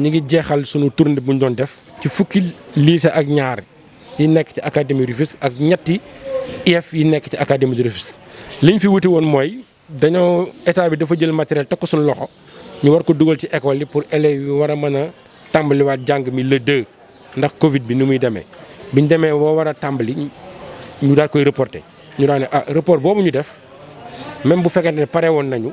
ñu ngi jeexal sunu tournée bu ñu doon def ci fukki lycée ak ñaar yi nekk ci académie Rufisque ak ñetti IEF yi nekk ci académie de Rufisque liñ fi wuti woon mooy dañoo état bi dafa jël matériel teg ko sunu loxo ñu war ko dugal ci école yi pour élèves yi war a mën a tàmbaliwaat jàng mi le 2 ndax Covid bi ni muy demee ñu demee boo war a tàmbali ñu daal koy reporter ñu daal ne ah report boobu ñu def même bu fekkente ne pare woon nañu.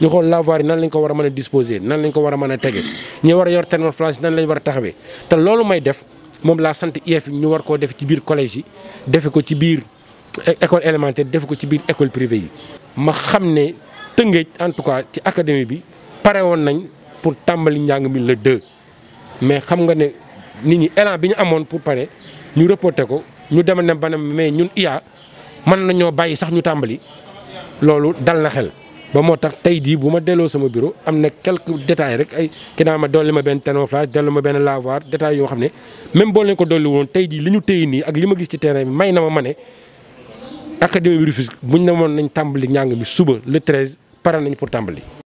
ñu xol lavoir nan lañ ko wara mëna disposer nan lañ ko wara mëna tégué ñi wara yor yor flash nan lañ war taxawé té loolu may def mom la sante IF ñu war ko def ci biir collège yi defe ko ci biir école élémentaire defe ko ci biir école privée yi ma xamné teungé en tout cas ci académie bi pare won nañ pour tambali ñang mi le 2 mais xam nga né nit ñi élan bi ñu pour pare ñu reporté ko ñu demal né banam mais ñun IA man nañu bayyi sax ñu tambali loolu dal na xel ba moo tax tey jii bu ma delloo sama bureau am na quelques détails rek ay ki naa ma dolli ma benn thermoflash dolli ma benn lavoir détails yoo xam ne même boo lañ ko dolli woon tey jii li ñu téye nii ak li ma gis ci terrain bi may na ma ma ne académie bi Rufisque buñ ne woon nañ tàmbali njàng mi suba le 13 pare nañ pour tàmbali.